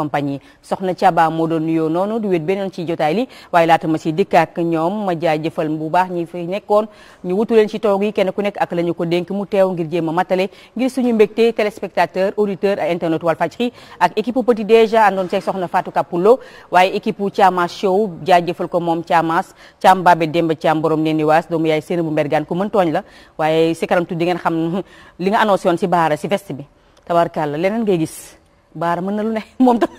compagnie soxna Thiaba moo doon nuyoo noonu di wét beneen ci jotaay li waaye laata ma si dikk ak ñoom ma jaajëfal bu baax ñi fi nekkoon ñu wutu leen ci toog yi kenn ku nekk ak la ñu ko dénk mu teew ngir jéem a matale ngir suñu mbégte téléspectateur auditeur ak internet Walfadjri ak équipe petit déjà àndoon seeg soxna Fatou Kapoulo waaye équipe Thiamas Show jaajëfal ko moom Thiamas Thiam Babé Demba Thiam borom nee ni waas doomu yaay séena bu mbergaan ku mën tooñ si kanam si bi tabarkàlla baara mën na lu ne moom tam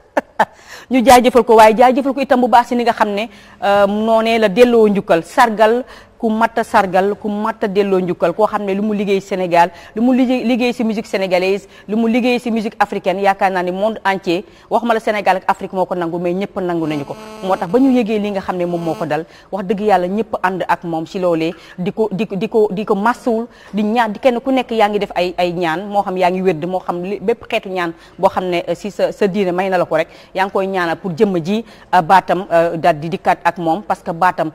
ñu jaajëfal ko waaye jaajëfal ko itam bu baax si ni nga xam ne euh, noonee la delloo njukkal sargal ku mat a sargal ku mat delloo njukkal koo xam ne lu mu liggéey Sénégal lu mu liggéey si musique sénégalaise lu mu liggéey si musique africaine yaakaar naa ni monde entier wax la Sénégal Afrique moo ko nangu mais ñëpp nangu nañu ko moo tax ba ñu yëgee li nga xam ne moom moo ko dal wax dëgg yàlla ñëpp ànd ak moom si loolee di ko di di ko di di ñaan di kenn ku nekk yaa ngi def ay ay ñaan moo xam yaa ngi wérd moo xam bépp xeetu ñaan boo xam ne euh, si sa sa diine may na la ko rek yaa ngi koy ñaanal pour jëmm ji euh, baatam euh, daal di dikkaat ak moom parce que baatam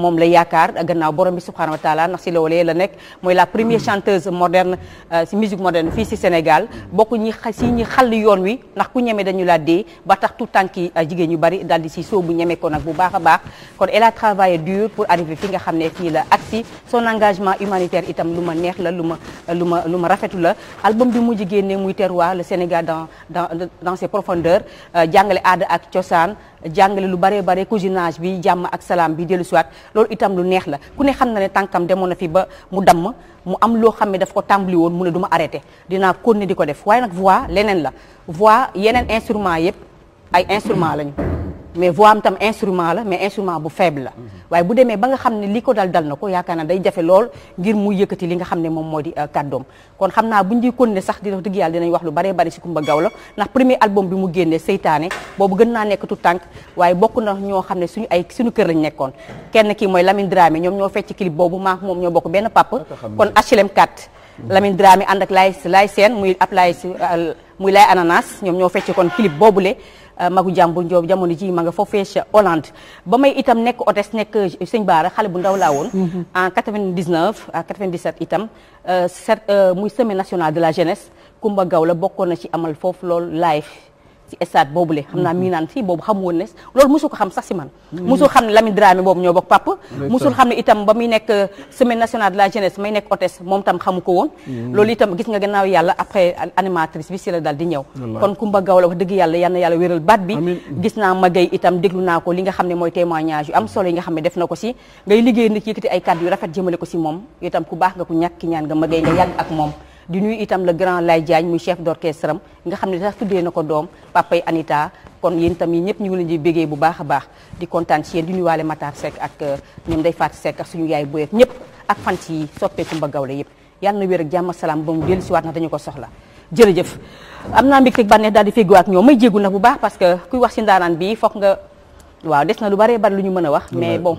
moom la yaakaar gannaaw borom bi subhanahu wa taala ndax si loolee la nekk mooy la première mm. chanteuse moderne si euh, musique moderne fii si Sénégal bokk ñi si ñi xàll yoon wi ndax ku ñeme dañu laa dee ba tax tout tànk yi euh, jigéen ñu bari daal di si soobu ñeme ko nag bu baax a baax kon elle a travaillé pour arriver fi nga xam ne fii la agsi son engagement humanitaire itam lu ma neex la lu ma euh, lu ma lu ma rafetu la album bi mujj génne muy terroir le Sénégal dans dans dans ses profondeurs jàngale aada ak cosaan jàngale lu bare bare cousinage bi jàmm ak salaam bi dellu siwaat loolu itam lu neex la ku ne xam na ne tànkam demoon na fi ba mu damm mu am loo xam ne daf ko tàmbali woon mu ne du ma arrêté dinaa continuer di ko def waaye nag voix leneen la voix yeneen instrument yëpp ay instrument lañu mais voix am tam instrument la mais instrument bu faible la waaye bu demee ba nga xam ne li ko dal dal na ko yaakaar naa day jafe lool ngir mu yëkkati li nga xam ne moom moo di euh, kàddoom kon xam naa buñ di continuer sax di wax dëgg yàlla dinañ wax lu bare bari si Kumba Gawlo ndax premier album bi mu génnee seytaane boobu gën naa nekk tout tànk waaye bokk na ñoo xam ne suñu ay suñu kër lañ nekkoon kenn kii mooy Lamine Dramé ñoom ñoo fecc clip boobu maa moom ñoo bokk benn papa kon HLM 4 Lamine Dramé ànd ak laay laay seen muy ab laay euh, muy laay ananas ñoom ñoo fecc kon clip boobule Euh, magu jàmbur Njoob jamono ji ma nga foofee ca Hollande ba may itam nekk otes nekk euh, sëñ Baara xale bu ndaw laa woon mhm. en 99 à 97 itam euh, set muy semaine nationale de la jeunesse Kumba Gaw la bokkoon na ci amal foofu loolu live ci stade boobu le xam naa mii mhm. naan fii boobu xam woon ne loolu mosul ko xam sax si man mhm. xam ne Lamine Dramé boobu ñoo bokk pap mosul xam ne itam ba muy nekk euh, semaine nationale de la jeunesse may nekk hôtesse moom tam xamu ko woon mhm. loolu itam gis nga gannaaw yàlla après animatrice bi si la daal di ñëw kon Kumba Gaw la wax dëgg yàlla yal na yàlla wéral baat bi gis naa Magay itam déglu naa ko li nga xam ne mooy témoignage yu am solo yi nga xam ne def na ko si ngay liggéey nit yëkkati ay kàddu yu rafet jëmale ko si moom itam ku baax nga ku ñàkk ñaan nga Magay nga yàgg ak moom di nuyu itam la grand Lay Diagne muy chef d'orchestre am nga xam ne sax tuddee na ko doom papay Anita kon yéen itam ñëpp ñu ngi leen di bégee bu baax a baax di kontaan ci yéen di nuyuwaale Matar Seck ak euh, ñoom day Fatou Seck ak suñu ñëpp ak fan ci soppeeku mba gawle yëpp yàlla na wér ak jàmm salaam ba mu siwaat na dañu ko soxla jërëjëf am naa mbégte bànneex daal di féggoo ak ñoom may jéegul nag bu baax parce que kuy wax ci ndaanaan bii foog nga waaw des na lu baree bari lu ñu mën a wax mais bon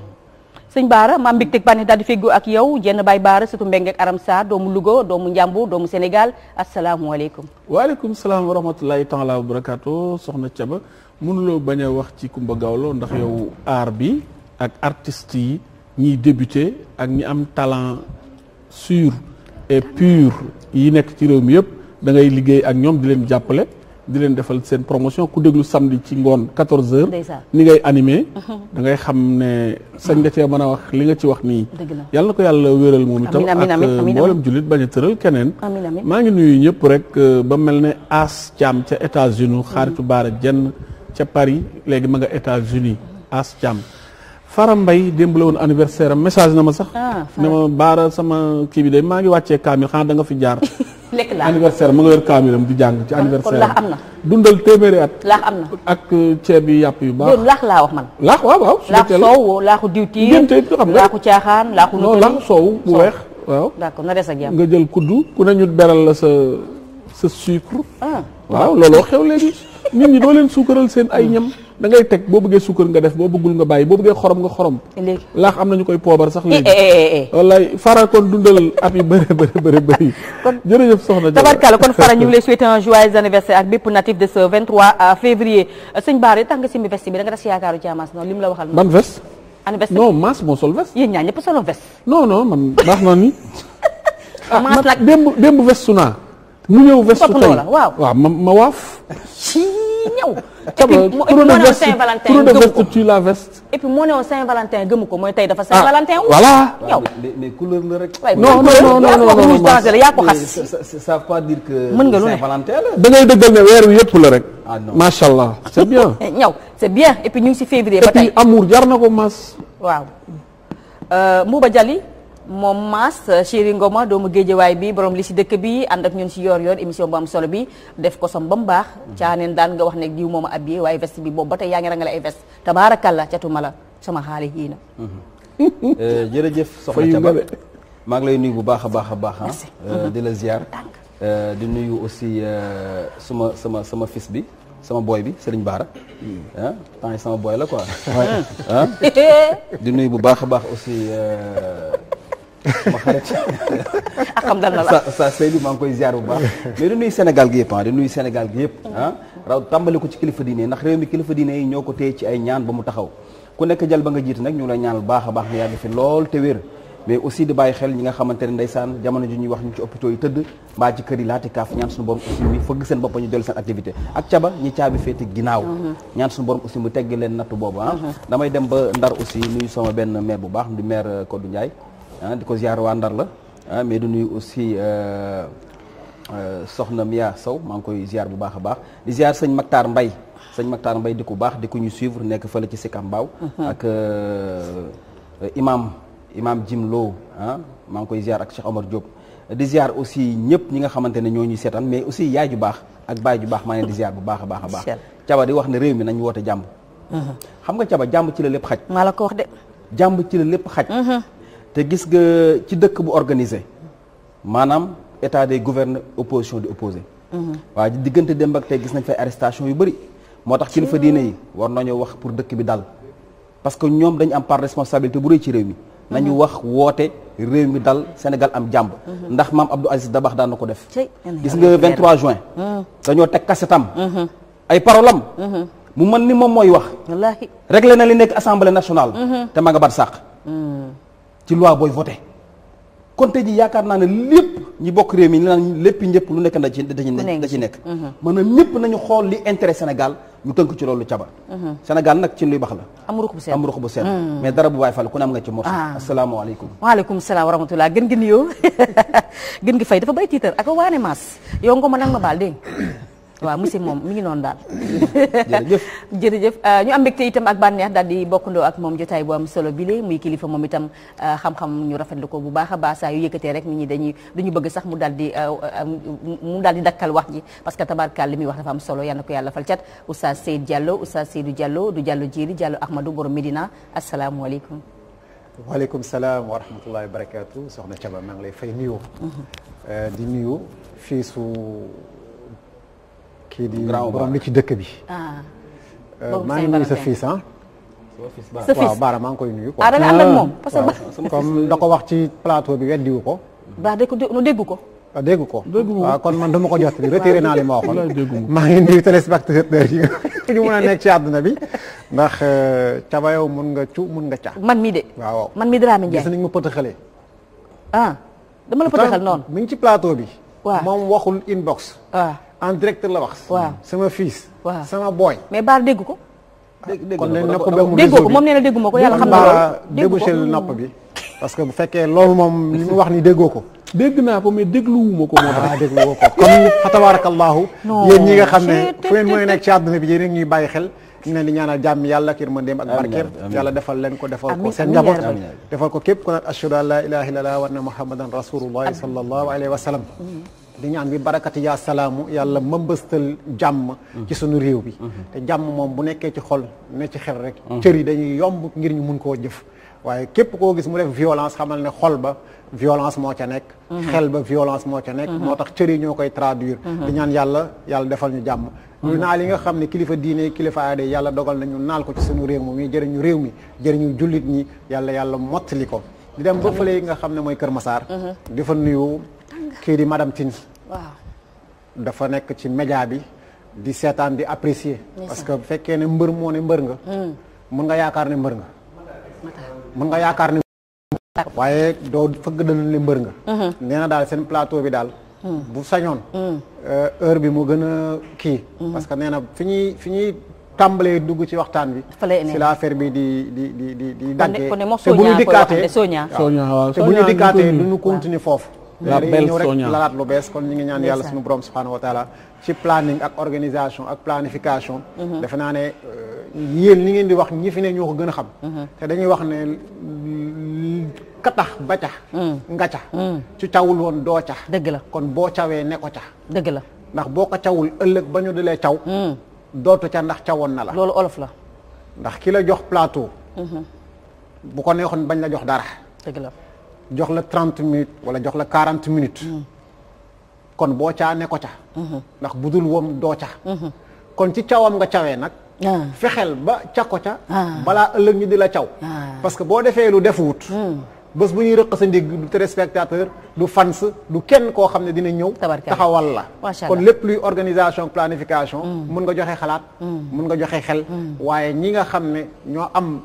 sëñ Baara maam mbig teg bànni daal feggu ak yow jenn baay Baara surtout Mbeng ak Aram Sarr doomu Louga doomu Njàmbur doomu Sénégal asalaamualeykum waaleykum salaam wa rahmatulahi taala wa soxna Thiaba mënuloo bañ a wax ci Kumba Gawlo ndax yow aar bi ak artist yi ñiy débuté ak ñi am talent sur et pur yi nekk ci réew mi yëpp da ngay liggéey ak ñoom di leen jàppale di leen defal seen promotion ku déglu samedi ci ngoon 14h. ni ngay animé. da ngay xam ne sañ nga cee mën a wax li nga ci wax nii. yàlla na ko yàlla wéral moom itam ak euh, mboolem jullit bañ a tëral keneen. maa ngi nuyu ñëpp rek euh, ba mel ne As Thiam ca États-Unis mm. xaaritu baara jenn ca Paris léegi ma nga États-Unis As Thiam. Fara mbay démb la woon anniversaire am message na ma sax. Ah, ne ma baara sama kii bi de maa ngi wàccee kaamil xanaa da nga fi jaar. lekk laax anniversaire mu nga yor kaamilam di jàng ci ah, anniversaire kon laax am na dundal téeméeri at laax am na ak euh, ceeb yi yàpp yu baax loolu laax laa wax man laax waaw waaw laax soow laaxu diwtiir laax soow bu weex waaw na des ak jàmm nga jël kuddu ku ne ñu beral la sa sa sucre ah. waaw looloo xew léegi nit ñi doo leen suukaral seen ay ñam dangay teg boo bëggee sukkar nga def boo bëggul nga bàyyi boo bëggee xorom nga xorom. léegi laax am nañu koy poobar sax léegi. Eh, eh, eh, wallaay fara kon dundal at yu bëri bëri bëri ñu ngi lay souhaiter un euh, euh, da nga tas yaakaaru jaamaas noonu li mu la waxal. ban veste. na ni. Ah, démb démb veste naa. mu ñëw veste su tey waaw ma ma waaf dañuy ñëw. et puis moo ne woon Saint-Valentin gëmu ko veste tu la veste. et puis moo ne woon Saint-Valentin gëmu ko mooy tey dafa ah, Saint-Valentin. voilà yow ah, mais couleur la rek. non dëggal ne weer wi yëpp la rek. ah non bien. Eh, ñaw c'est bien et puis ñu ngi si février ba tey. et puis na ko mas. waaw euh, Mouba Dialli. moom Mass Chéri Ngoma doomu géejewaay bi borom li si dëkk bi ànd ak ñun si yoor yoor émission ba am solo bi def ko som ba mu baax mhm. caaneen daan nga wax ne diw moom a abiyee waaye veste bi boobu ba tey yaa ngi rangale ay veste tabaarakalla catuma la sama xaali yii na mhm. euh, jërëjëf maa ngi lay nuyu bu baax a baax a baax ah. euh, mhm. di la ziar euh, di nuyu aussi suma sama sama fils bi sama booy bi Serigne Bara ah temps yi sama booy la quoi ah. di nuyu bu baax a baax aussi ma xarit ak ah, xam dal na la sa Seydou maa ngi koy ziar bu baax mais di nuyu Sénégal gi yëpp ah, nuyu Sénégal yëpp ah raw tàmbali ko ci kilifa diine ndax réew mi kilifa diine yi ñoo ko téye ci ay ñaan ba mu taxaw ku nekk jal ba nga jiit nag ñu la ñaanal baax a baax nga yàgg fi lool te wér mais aussi di bàyyi xel ñi nga xamante ne ndeysaan jamono ji ñuy wax ñu ci hôpitaux yi tëdd mbaa ci kër yi laati kaaf ñaan suñu borom aussi mu fëgg seen bopp ñu dellu seen activité ak caba ñi caabi féete ginnaaw mm-hmm. ñaan suñu borom aussi mu tegg leen nattu boobu ah mm-hmm. ba ndar aussi nuyu sama benn maire bu baax di maire Kodou euh, Ndiaye ah di ko ziar waa Ndar la ah mais du nuyu aussi euh, euh, soxna Mia Sow maa ngi koy ziar bu baax a baax di ziar sëñ Mactar Mbay sëñ Mactar Mbay di ku baax di ko ñu suivre nekk fële ci Sicap Mbao uh-huh. ak euh, imam imam Jim Lo ah maa ngi koy ziar ak Cheikh Omar Diop di ziar aussi ñëpp ñi nga xamante ne ñoo ñuy seetaan mais aussi yaay ju baax ak baay ju baax maa ne di ziar bu baax a baax a baax caba di wax na réew mi nañ woote jàmm uh-huh. xam nga caba jàmm ci la lépp xaj maa la ko te gis nga ci dëkk bu organisé maanaam état day gouverne opposition di opposé mhm. waaye diggante démb ak tey gis nañ fay arrestation yu bëri moo tax fa diine yi war nañoo wax pour dëkk bi dal parce que ñoom dañu am part responsabilité bu rëy ci réew mi nañu mhm. wax woote réew mi dal Sénégal am jàmb mhm. ndax maam Abdou Aziz Dabakh daan na ko def gis nga 23 juin dañoo teg kasetam ay parolam mu mën ni moom mooy wax réglé na li nekk assemblée nationale te ma nga bat ci loi booy voté kon tey ji yaakaar naa ne lépp ñi bokk réew mi li lépp ñëpp lu nekk da ci da ci nekk mhm. maanaam ñëpp nañu xool li intérêt senegal ñu tënk ci loolu caba mhm. Sénégal nag ci luy bax la am ruq bu seen am ruq bu seen mhm. mais dara bu bàyyi fàll ku ne am nga ci morso ah. asalaamaaleykum waaleykum salaam wa rahmatullaa gën gi nuyoo gën gi fay dafa bay tiitar ak waane maas yow nga ma nag ma baal dégg waaw monsieur moom mi ngi noonu daal. jërëjëf jërëjëf euh, ñu am mbégte itam ak bànneex di bokkandoo ak moom jotaay bu am solo bile muy kilifa moom itam euh, xam-xam ñu rafetlu ko bu baax a baax saa yëkkatee rek nit ñi dañuy duñu bëgg sax mu daal di euh, mu daal di dakkal wax ji parce que tabarkaal li muy wax dafa am solo yal na ko yàlla fal cat oustaz Seyd Diallo oustaz Seydou Diallo du Diallo Jiri Diallo Ahmadou borom Medina asalaamualeykum. waaleykum salaam wa rahmatullahi wa soxna Thiaba maa ngi lay fay nuyoo. Mm-hmm. di nuyu fii kii di borom li ci dëkk bi. Ah. Euh, maa ngi nuyu sa fils ah. sa fils waaw Baara maa ngi koy nuyu. ah da nga ànd ak moom parce que comme da ko wax ci plateau bi weddiwu ko. ba dégg ko dégg ko. Ah, dégg ko waaw ah, kon man dama ko jot bi retiré naa li ma waxoon. maa ngi nuyu téléspectateurs yi ñu mën a nekk ci àdduna bi. ndax caba euh, yow mun nga cu mun nga ca. man mii de. waaw man mii Dramé Ndiaye gis nañ ma pëtëxalee. ah dama la pëtëxal noonu. mi ngi ci plateau bi. waaw moom waxul inbox. waaw. en direct la wax. waaw sama fils. waaw sama booy. mais Baar dégg ko. dégg kon nag nopp ba mu dégg ko moom nee na dégguma ko yàlla xam na loolu débouché nopp bi parce que bu fekkee loolu moom li mu wax ni déggoo ko. dégg naa ko mais dégluwuma ko. ah dégluwoo ko comme fa tabaarakallaahu. yéen ñi nga xam ne fu ngeen mooy nekk ci àdduna bi yéen ñuy bàyyi xel. ñu leen di ñaanal jàmm yàlla ak yërmandeem ak barkeem yàlla defal leen ko defal ko seen njaboot defal ko képp ku naan ashhadu an laa ilaaha illallaah wa anna muhammadan rasulullaah sallallahu alayhi wa sallam di ñaan bi barakati yaa salaamu yàlla mëmbëstal jàmm ci suñu réew bi te jàmm moom bu nekkee ci xol ne ci xel rek cër yi dañuy yomb ngir ñu mun koo jëf waaye képp koo gis mu def violence xamal ne xol ba violence moo ca nekk xel ba violence moo ca nekk moo tax cër yi ñoo koy traduire di ñaan yàlla yàlla defal ñu jàmm ñu naal yi nga xam ne kilifa diine kilifa aada yàlla dogal na ñu naal ko ci sunu réew mi muy jëriñu réew mi jëriñu jullit ñi yàlla yàlla mottali ko di nga xam ne mooy Kër Massar uh-huh. kii di madame Tine waaw dafa nekk ci média bi di seetaan di apprécier parce que bu fekkee ne mbër moo ne mbër nga mun hmm. nga yaakaar ne mbër nga yaakaar ne waaye doo fëgg dana ne mbër nga hmm. nee daal seen plateau bi daal hmm. bu sañoon euh, heure bi mu gën a kii parce que nee na fi ñuy fi ñuy tàmbalee dugg ci waxtaan bi si la affaire bi di di di di di daggee te bu ñu dikkaatee te bu ñu dikkaatee du ñu continuer foofu la belle Sonia lalaat lu bees kon ñu ngi ñaan yàlla suñu borom subhaanahu wa taala ci planning ak organisation ak planification mhm. defe naa ne euh, yéen li ngeen di wax ñi fi ne ñoo ko gën a xam mhm. te dañuy wax ne katax ba cax nga cax ci cawul woon doo cax dëgg la kon boo cawee nekko ca dëgg la ndax boo ko cawul ëllëg ba ñu di lay caw mhm. dootu ca ndax cawoon na la loolu olof la ndax ki la jox plateau bu ko neexoon bañ la jox dara dëgg la jox la trente minutes wala jox la quarante minutes. Mm. kon boo caa ne ko ca. Mm-hmm. ndax budul woom doo ca. Mm-hmm. kon ci cawam nga cawee nag. Ah. fexeel ba ca ko ca. Ah. balaa ëllëg ñu di la caw. Ah. parce que boo defee lu def wut. Mm. bés bu ñuy rëq sa ndig du téléspectateur du fans du kenn koo xam ne dina ñëw taxawal la kon lépp luy organisation planification mm. mun nga joxe xalaat mun nga joxe xel waaye ñi nga xam ne ñoo am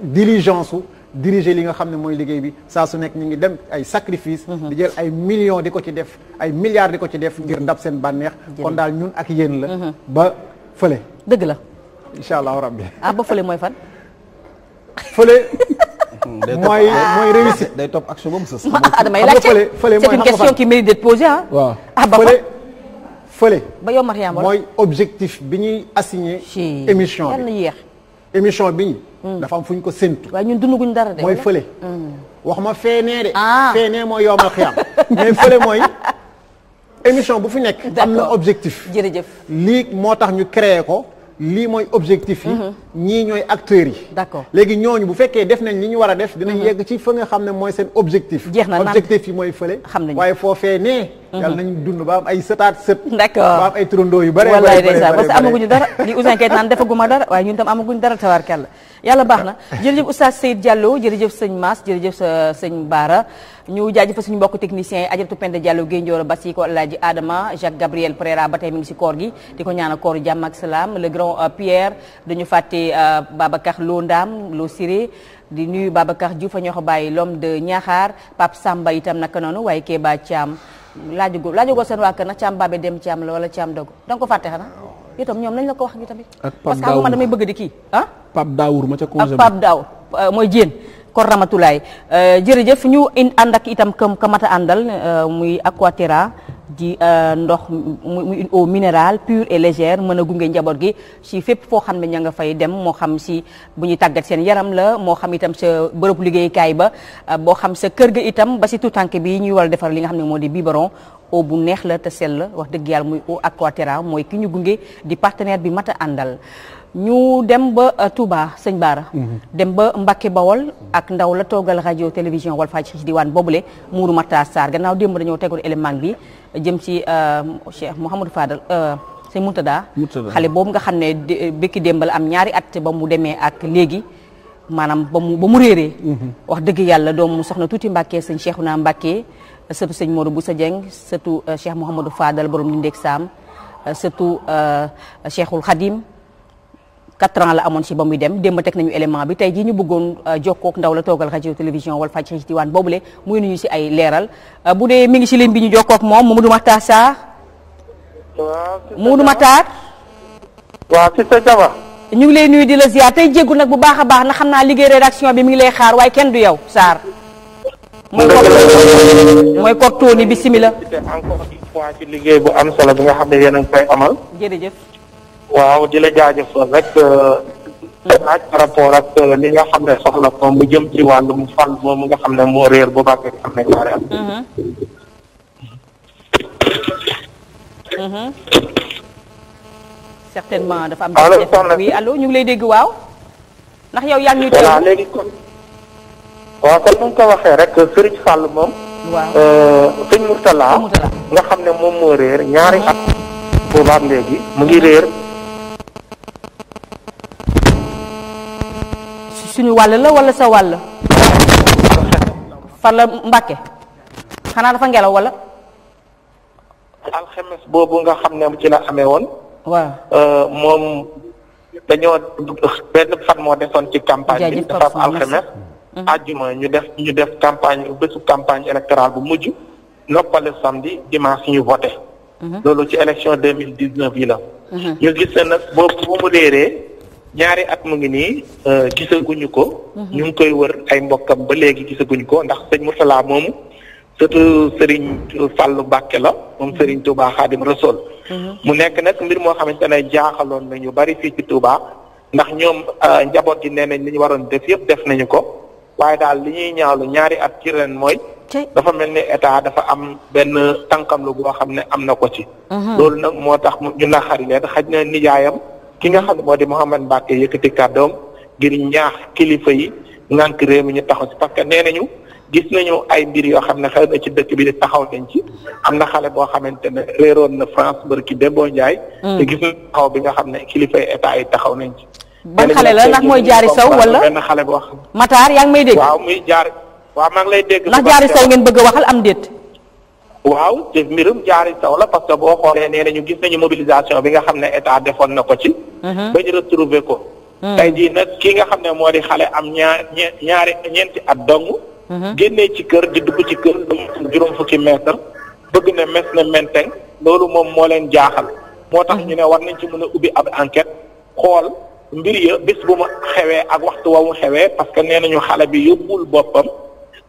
diligence diriger li nga xam ne mooy liggéey bi saa su nekk ñu ngi dem ay sacrifice mhm. di jël ay million di ko ci def ay milliards di ko ci def ngir ndab seen bànneex kon daal ñun ak yéen la mhm. ba fële dëgg la incha allahu rabbi ah ba fële mooy fan fële hmm, mooy ah, mooy réussite day topp action ba mu sës ah, ah, damay laajte c'est une question qui mérite d'être posée ah waaw ah ba fële mooy objectif bi ñuy assigné émission bi yàlla émission bi hmm. dafa am fu ñu ko séntu. waaye ñun dunduguñ dara de. mooy fële. Hmm. wax ma feenee de. Ah. feenee mooy yomal xiyam mais fële mooy émission bu fi nekk. am na objectif. jërëjëf lii moo tax ñu créé ko. lii mooy objectif yi mhm. ñii ñooy acteurs yi d'accord léegi ñooñu bu fekkee def nañ li ñu war a def dinañ mhm. yegg ci fa nga xam ne mooy seen objectif jeex na objectif yi mooy fële xam nañ waaye foofee nee mhm. yàlla dund ba am ay sëtaat sët d'accord ba am ay turandoo yu bare wallaay ndeysaan parce que amaguñu dara li Ouzin Keita naan defaguma dara waaye ñun tam amaguñu dara tawaarkàlla yàlla baax na jërëjëf Oustaz Seyd Diallo jërëjëf sëñ Mass jërëjëf euh, sëñ Baara ñu jaajëfal suñu mbokk techniciens yi Adjaratou Penda Diallo Guèye Ndioro Basiko Alaaji Adama Jacques Gabriel Pereira ba tey mi ngi si koor gi di ko ñaanal koor jàmm ak salaam le grand euh, Pierre dañu fàtte euh, Babacar Lo Ndam Lo di nuyu Babacar Diouf a ñoo ko bàyyi l'homme de Niakhar Pape Samba itam naka noonu waaye Kéba Thiam laajugoo laajugoo seen waa kër nag Thiam Babé dem Thiam la wala Thiam Dogo da nga ko fàtte xanaa itam ñoom nañ la ko wax ñu tamit. ak Pape Daour parce que man bëgg di kii ah. Pape Daour ma ca euh, mooy Dieng. Kor Ramatulaay euh, jërëjëf ñu in ànd ak itam kam ka mat a àndal euh, muy Aquaterra di euh, ndox muy une eau minérale pure et légère mën a gunge njaboot gi si fépp foo xam ne ña nga fay dem moo xam si bu ñuy tàggat seen yaram la moo xam itam sa bërëb liggéeykaay ba boo xam sa kër ga itam ba si tuutànk bi ñuy war a defar li nga xam ne moo di biberon eau bu neex la te sell la wax dëgg yàlla muy eau Aquaterra mooy ki ñu gunge di partenaire bi mat a àndal ñu dem ba euh, Touba sëñ baar mhm. dem ba Mbacke Bawol ak ndaw la toogal rajo télévision Walfadjri ci diwaan boobule Mourou Matar Sarr gannaaw démb dañoo tegoon élément bi jëm ci euh, Cheikh Mouhamadou Fadal euh, sëñ Moutada. xale boobu nga xam ne bëkki démb am ñaari at ba mu demee ak léegi maanaam ba mu ba mu réeree. Mhm. wax dëgg yàlla doom doomu soxna tuuti Mbacke sëñ Cheikhouna Mbacke sëtu sëñ Modou Boussa Dieng sëtu Cheikh Mouhamadou Fadal borom Ndindeek Saam sëtu Cheikhul Khadim. 4 ans la amoon ci ba muy dem démb teg nañu élément bi tey jii ñu bëggoon euh, jokkook ndaw la toogal rajo télévision wala fàcc ci diwaan boobule muy nuñu si ay leeral euh, bu dee mi ngi ci ligne bi ñu jokkook moom Mamadou Makhtar Sarr. waaw Mamadou Makhtar. ñu ngi lay nuyu di la ziar tey jéggu nag bu baax a baax na xam naa liggéey rédaction bi mu ngi lay xaar waaye kenn du yow Sarr. mooy kooku mooy kooku tuuni bisimilah. encore bu am solo bi nga xam ne yéen a ngi koy amal. waaw di la jaajëfal rek euh, laaj ak euh, li nga xam ne soxla ko mu jëm ci wàllum fànn moomu nga xam ne moo réer bu baax xam ne ñaari at. Mm-hmm. certainement allo ñu ngi lay dégg waaw. ndax yow yaa ngi ñu. voilà léegi kon. waaw kon nu ko waxee rek Serigne Fall moom. waaw euh, sëñ Mourtala. nga xam ne moom moo réer ñaari at. Mm-hmm. boobaak léegi mu ngi réer. suñu wàll la walla sa wàll fan la Mbàkke xanaa dafa ngelaw wala alxemes boobu nga xam ne ci la amee woon waaw euh, moom dañoo benn fan moo desoon ci campagne bi dafa am ajjuma ñu def ñu def campagne bésu campagne électorale bu mujj noppale samedi dimanche ñu voté mm-hmm. loolu ci élection deux mille dix neuf yi la mm-hmm. ñu gis ne nag boobu bu mu réeree ñaari at mu ngi nii euh, gisaguñu ko. Mhm. ñu ngi koy wër ay mbokkam ba léegi gisaguñu ko ndax sëñ Mourtala moomu surtout Serigne Fallou Mbacke la moom mhm. Serigne Touba Khadim Rasoul. Mhm. mu nekk nag mbir moo xamante ne jaaxaloon nañu bari fii ndax ñoom euh, njaboot yi nee nañ li waroon def yëpp def nañu ko waaye daal li ñuy ñaawlu ñaari at ci ren mooy. dafa mel ni état dafa am benn tànkamlu boo xam ne am na ko ci. loolu nag moo tax ñu naxari leen xaj na nijaayam. ki nga xam ne moo di Mouhamed Mbacke yëkkati kàddoom ngir ñaax kilifa yi ngànk réew mi ñu taxaw si nee nañu gis nañu ay mbir yoo xam ne xew na ci dëkk bi di taxaw nañ ci am na xale boo xamante ne réeroon na France barki Dembo Ndiaye. Mm. te gis nañu taxaw bi nga xam ne kilifa yi état yi taxaw nañ ci. ban xale la ndax mooy jaari saw wala benn xale boo xam. Matar yaa ngi may dégg. waaw muy jaar waaw maa ngi lay dégg. ndax jaari saw ngeen bëgg a waxal am déet. waaw te mbirum jaari saw la parce que boo xoolee nee nañu gis nañu mobilisation bi nga xam ne état defoon na ko ci. Mhm. ba ñu retrouver ko. Mhm. tey jii nag ki nga xam ne moo di xale am ñaar ñaari ñeenti at dong. Mhm. génnee ci kër di dugg ci kër juróom fukki mètre bëgg ne mes na menteng loolu moom moo leen jaaxal. moo tax ñu ne war nañ ci mën a ubbi ab enquête xool mbir ya bis bu mu xewee ak waxtu wa mu xewee parce que nee nañu xale bi yóbbul boppam.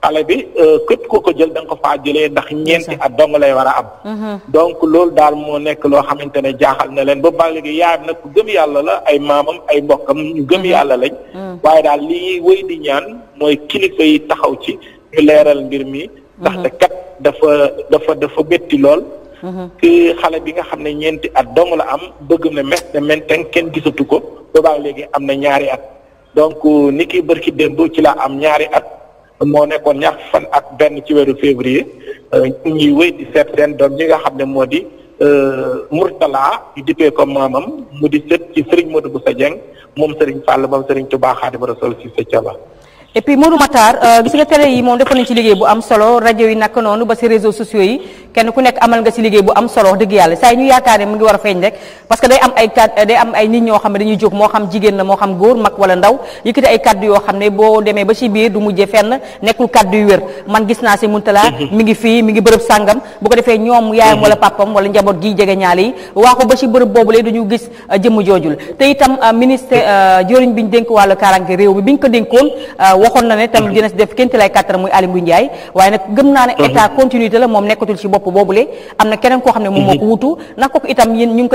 xale bi euh, képp ko ko jël da nga ko faa jëlee ndax ñeenti at dong lay war a am mhm. donc loolu daal moo nekk loo xamante ne jaaxal na leen ba bàyyi léegi yaayam nag ku gëm yàlla la ay maamam ay mbokkam ñu gëm mhm. yàlla lañ mhm. waaye daal lii ñuy di ñaan mooy kilifa yi taxaw ci ñu leeral mbir mi ndaxte kat dafa dafa dafa bétti lool ki xale bi nga xam ne ñeenti at dong la am bëgg na mes ne menten kenn gisatu ko ba bàyyi léegi am na ñaari at donc euh, ni ki bërki démb ci laa am ñaari at moo nekkoon ñax fan ak benn ci weeru février euh, ñuy wéy di seet seen doom ñi nga xam ne moo di euh, Mourtala di dippee comme maamam mu di sët ci Serigne bu Boussa Dieng moom Serigne Fall moom Serigne Touba Xaadimu Rasuul si sa et puis Modou Matar euh, gis nga télé yi moom defoon nañ ci liggéey bu am solo rajo yi naka noonu ba si réseaux sociaux yi kenn ku nekk amal nga si liggéey bu am solo wax dëgg yàlla saa yi ñu yaakaar ne mu ngi war a feeñ rek parce que day am ay kat day ay nit ñoo xam ne dañuy jóg moo xam jigéen la moo xam góor mag wala ndaw yëkkati ay kaddu yoo xam ne boo demee ba si biir du mujjee fenn nekkul kaddu yu wér man gis naa si Muntala mhm. mi ngi fii mi ngi bërëb sàngam bu ko defee ñoom yaayam mhm. wala papam wala njaboot gi jege ñaale yi waaxu bërëb boobu lay duñu gis euh, jëmm joojul te itam euh, ministre joriñ bi ñu dénk wàllu kaaraange réew mi bi ñu ko dénkoon waxoon na ne tam dina si def kénti lay kàttan muy Aly Ngouille Ndiaye waaye nag gëm naa ne mhm. état continuité la moom nekkatul si bopp boobule am na keneen koo xam ne moom ko mhm. wutu nag kooku itam yéen ñu euh,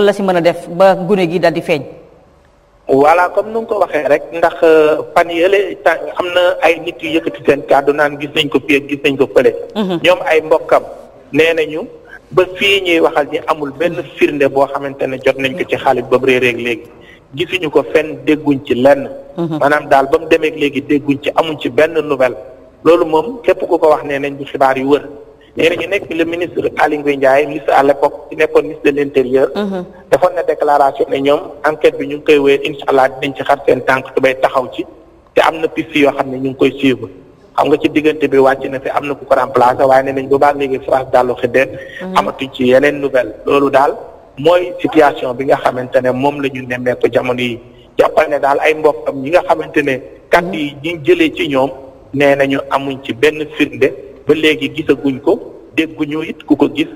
la si mën a def ba gune gi dal di feeñ voilà comme nu nga ko waxee rek ndax euh, fan yële ta am na ay nit yu yëkkati seen kàddu naan gis nañ ko fii gis nañ ko fële mhm. ñoom ay mbokkam nee nañu ba fii ñuy waxal ñi amul benn firnde boo xamante ne jot nañ ko ci xaalis ba réer léegi gisuñu ko fenn dégguñ ci lenn. Mhm. maanaam daal ba mu demee léegi dégguñ ci amuñ ci benn nouvelle loolu moom képp ku ko wax nee nañ bu xibaar yu wër nee nañu nekk la ministre Aly Ngouille Ndiaye ministre à l'époque ci nekkoon ministre de l'intérieur. Mhm. defoon na déclaration ne ñoom enquête bi ñu ngi koy wéyal incha allah dinañ ci xar seen tànk tubay taxaw ci te am na piste yoo xam ne ñu ngi koy suivre. xam nga ci diggante bi wàcc na fi am na ku ko remplacé waaye nee nañ bu baax léegi France mhm. daal xëddeen mooy situation bi nga xamante ne moom la ñu nemmeeku jamono yi jàppal ne daal ay mbokkam ñi nga xamante ne kàddu yi mm-hmm. ñu jëlee ci ñoom nee nañu amuñ ci benn firnde ba léegi gisaguñ ko dégguñu it ku ko gis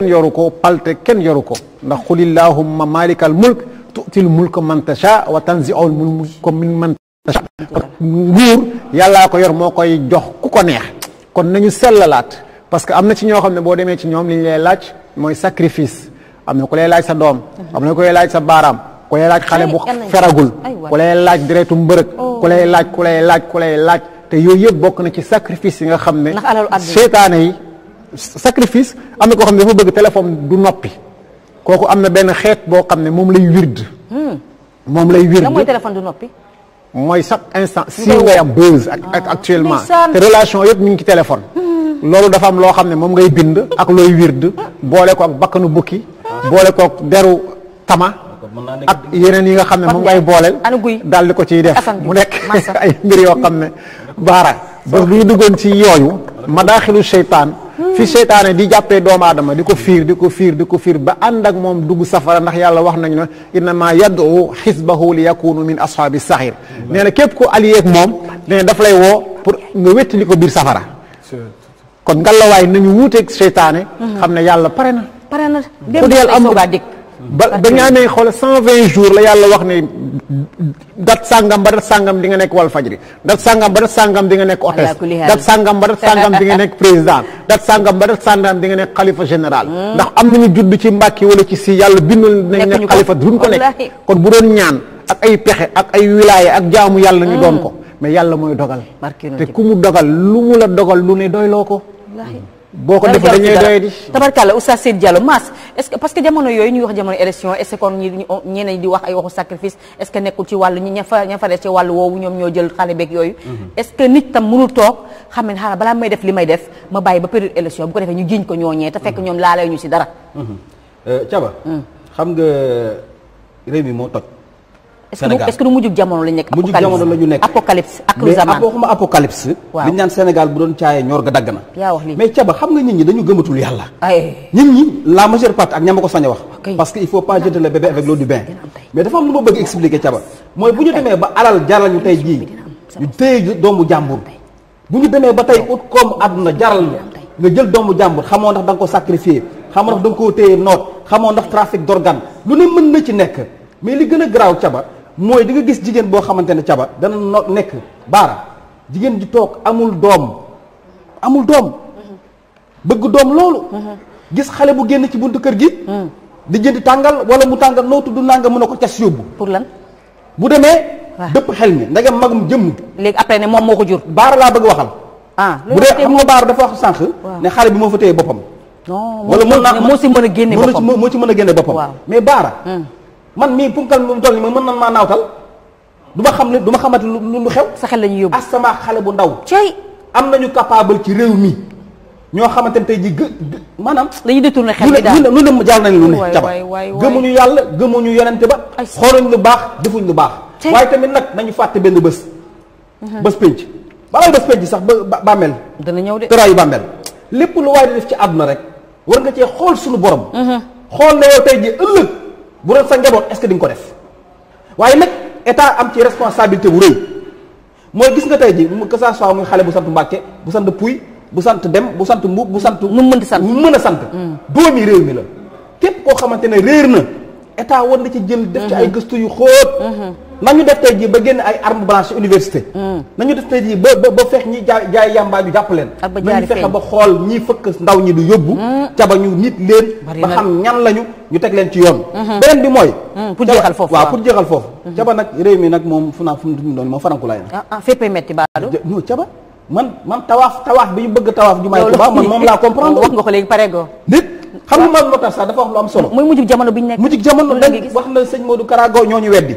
kenn yoru ko palte kenn yoru ko ndax qul illahumma malikal mulk tu'til mulka man tasha wa tanzi'ul mulka min man tasha nguur yàllaa ko yor moo koy jox ku ko neex kon nañu sellalaat parce que am na ci ñoo xam ne boo demee ci ñoom li ñu lay laaj mooy sacrifice am na ku lay laaj sa doom am na koy laaj sa baaraam ku lay laaj xale bu feragul ku lay laaj deretu mbërëg oh. ku lay laaj ku lay laaj ku laaj te yooyu yëpp bokk na ci sacrifice yi nga xam ne seetaane yi sacrifice am na koo xam ne dafa bëgg téléphone du noppi kooku am na benn xeet boo xam ne moom lay wird hmm. moom lay wird mooy téléphone noppi mooy chaque instant si ngay am buzz ak ah. actuellement te relation yëpp mi ngi ci téléphone hmm. loolu dafa am loo xam ne moom ngay bind ak looy wird boole ko ak bakkanu bukki boole ko ak deru tama ak yeneen yi nga xam ne moom ngay booleel daal di ko ciy def mu nekk ay mbir yoo xam ne baara ba lu duggoon ci yooyu madaaxilu seytaan fi seytaane di jàppee doomu aadama di ko fiir di ko fiir di ko fiir ba ànd ak moom dugg safara ndax yàlla wax nañu ne innama yad'u xisbahu li yakunu min ashaabi saxir nee na képp ko allié ak moom ne daf lay woo pour nga wettali ko biir safara kon ngalawaay nañu wuuteeg seytaane mhm. xam ne yàlla pare na pare na dem am dikk ba ba nga amee xool cent vingt jours la yàlla wax ne dat sàngam ba dat sàngam di nga nekk Walfadjri dat sàngam ba dat sàngam di nga nekk hôtesse dat ba dat sàngam di nga nekk président dat sàngam ba dat sàngam di nga nekk xalifa général hmm. ndax am nañu judd ci Mbàkke wala ci si yàlla bindul nañ nekk xalifa duñ ko nekk kon bu doon ñaan ak ay pexe ak ay wilaaya ak jaamu yàlla ñu doon hmm. ko mais yàlla mooy dogal te ku mu dogal lu mu la dogal lu ne doyloo ko boo ko defee dañuy doy di tabarkàlla Oustaz Seyd Diallo Mass est-ce que parce que jamono yooyu ñuy wax jamono élection est-ce que ñi di wax ay waxu sacrifice est nekkul ci wàllu ña fa ña fa des ci wàllu woowu ñoom ñoo jël xale beeg yooyu mhm. est nit tam mënul toog xam ne xaaral ah, balaa may def li may def ma bàyyi ba période élection bu ko defee ñu jiñ ko ñooñee te fekk mhm. ñoom laa ñu si dara caba mhm. euh, hmm. xam nga réew mi moo toj Sénégal est-ce que du mujjub jamono la ñu nekk. mujjub jamono la ñu nekk apocalypse ak lu zaman mais bu doon caayee ñor ga dagg na. yaa caba xam nga nit ñi dañu gëmatul yàlla. ay ñi la majeure partie ak ña ko sañ a wax. parce que il faut pas jeter le bébé avec l'eau du bain. mais dafa am ma bëgg expliquer caba mooy bu ñu demee ba alal jaral ñu tey jii ñu téye doomu jàmbur bu ñu demee ba tey ut koom àdduna jaral nga jël doomu jàmbur xamoo ndax da nga ko sacrifier xamoo ndax da nga koo téye noot xamoo ndax trafic d'organe lu ne mën na ci nekk mais li gën a garaaw caba mooy di nga gis jigéen boo xamante ne caba dana no nekk baara jigéen ji toog amul doom amul doom bëgg doom loolu gis xale bu génn ci buntu kër gi di jënd tàngal wala mu tàngal noo tudd naa nga mën a ko cas yóbbu pour lan bu demee dëpp xel mi ndegam magum jëmm léegi après ne moom moo ko jur baara laa bëgg waxal ah bu dee xam nga baara dafa wax sànq ne xale bi moo fa téye boppam wala mën naa moo si mën a génne boppam moo ci mën a génne boppam mais baara hmm. man mii punkal mu toll nii ma mën nan maa naawtal du ma xam ne du ma xamati lu lu xew. sa xel la ñuy yóbbu asama xale bu ndaw. cey am nañu capable ci réew mi ñoo xamante ne tey jii gë maanaam. dañuy détourné xel bi daal lu ne lu jàll nañ lu ne. jaba gëmuñu yàlla gëmuñu yonente ba. xooluñ lu baax defuñ lu baax. waaye tamit nag nañu fàtte benn bés. Mhm. bés penc balay bés penc sax ba bàmmeel. dana ñëw de tëraayu bàmmeel lépp lu waay di def ci àdduna rek war nga cee xool suñu borom. Mhm. xool na yow tey ji ëllëg bu doon sa njaboot est-ce que di ko def waaye nag état am ci responsabilité bu rëy mooy gis nga tey ji que ça soit muy xale bu sant Mbàkke bu sant Puy bu sant Dem bu sant Mbuub bu sant. nu mu mën di sant mu mën a sant. Mm. doomi réew mi la képp koo xamante ne réer na état war na ci jël. def ci mm-hmm. ay gëstu yu xóot. Mm-hmm. nan ñu def tey jii ba génn ay arme blanche université. Hmm. na ñu def tey jii ba ba fex ñi jaay jaay yàmbaa jàpp leen. ak ba ñu fexe ba xool ñi fëkk ndaw ñi du yóbbu. Hmm. ca ba ñu nit leen. ba xam ñan lañu ñu teg leen ci yoon. Hmm. beneen bi mooy. pour jeexal foofu waaw pour jeexal foofu. ca ba nag réew mi nag moom fu naa fu mu doon moom farankulaay na. ah ah fépp metti ñu bëgg tawaaf. jumaay Tuubaa man moom laa comprendre. wax nit xam nga man moo tax sax dafa wax lu am solo. muy mujj jamono bi ñu nekk. mujj jamono wax na sëñ Modou Karago ñoo ñu weddi.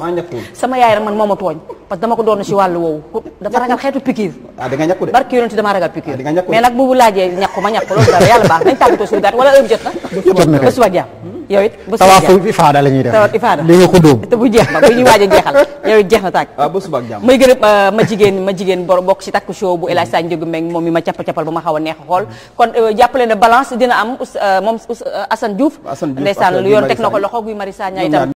maa sama yaay rek man moo ma tooñ parce dama ko doon si wàllu woowu dafa ragal xeetu piqûre ah di nga ñàkku dama ragal piqûre ah, mais nag bu bu laajee ñàkku ma ñàkku loolu dara yàlla baax nañ tàggatoo bu jeex na tàgg ah, ba suba ak jàmm may ma jigéen ma jigéen bor bokk si takku show bu El Hadj Sa Ndiogou Meng moom mi ma cappa-cappal ba ma xaw a neex xool kon euh, jàppale na balance dina am euh, moom euh, Assane Diouf ndeysaan yoon teg na ko loxo guy Mari Sagna itam